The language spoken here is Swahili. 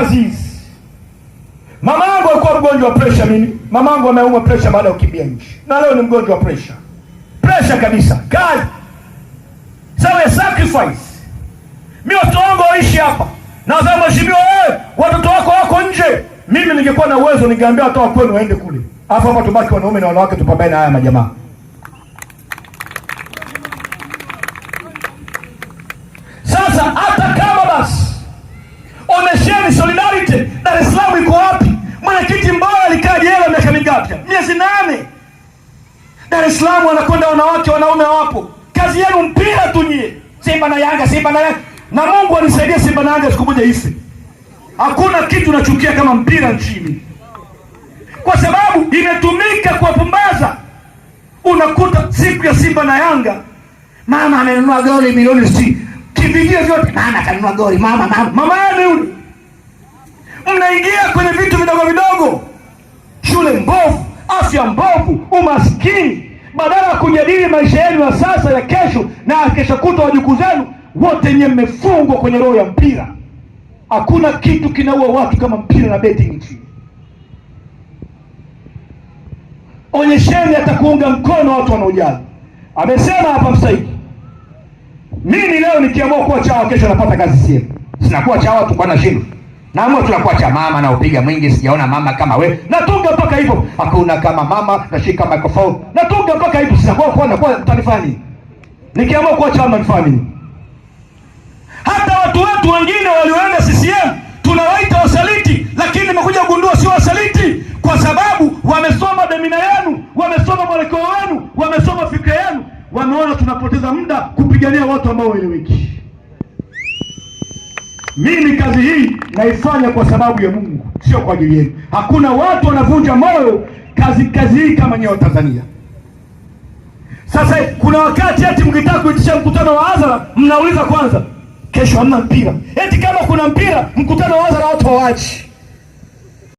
kazizi. Mama Mamangu alikuwa mgonjwa wa presha, mimi mamangu ameumwa presha baada ya kukimbia nchi, na leo ni mgonjwa wa presha, presha kabisa kali. Sawa, sacrifice mi watoto wangu waishi hapa, na mheshimiwa, wewe eh, watoto wako wako nje. Mimi ningekuwa na uwezo ningeambia watoto kwenu waende kule, alafu hapa tubaki wanaume na wanawake, tupambane na haya majamaa. Waislamu wanakwenda wanawake, wanaume hawapo. Kazi yenu mpira tu nyie, Simba na Yanga, Simba na Yanga. Na Mungu alisaidia Simba na Yanga siku moja hivi. Hakuna kitu nachukia kama mpira nchini, kwa sababu imetumika kuwapumbaza. Unakuta siku ya Simba na Yanga, mama amenunua goli milioni si kividio vyote, mama kanunua goli, mama mama mama yule. Mnaingia kwenye vitu vidogo vidogo, shule mbovu, afya mbovu, umaskini badala ya kujadili maisha yenu ya sasa ya kesho na kesho kutwa, wajukuu zenu wote nyewe mmefungwa kwenye roho ya mpira. Hakuna kitu kinaua watu kama mpira na beti nchini. Onyesheni atakuunga mkono watu wanaojali. Amesema hapa msaiki, mimi leo nikiamua kuwa chawa, kesho napata kazi sehemu, sinakuwa chawa tu kwa nashindwa Naamua tunakuacha mama na upiga mwingi, sijaona mama kama we, natunga mpaka hivyo, hakuna kama mama, nashika microphone natunga mpaka hivyo, sinakuwa kwa kwa mtanifani, nikiamua kuacha mama nifani. Hata watu wetu wengine walioenda CCM tunawaita wasaliti, lakini nimekuja kugundua sio wasaliti, kwa sababu wamesoma demina yenu, wamesoma mwelekeo wenu, wamesoma fikra yenu, wameona tunapoteza muda kupigania watu ambao waeleweki. Mimi kazi hii naifanya kwa sababu ya Mungu, sio kwa ajili yenu. Hakuna watu wanavunja moyo kazi kazi hii kama nyewe Tanzania. Sasa kuna wakati eti mkitaka kuitisha mkutano wa hadhara mnauliza kwanza, kesho hamna mpira? Eti kama kuna mpira mkutano wa hadhara watu hawaji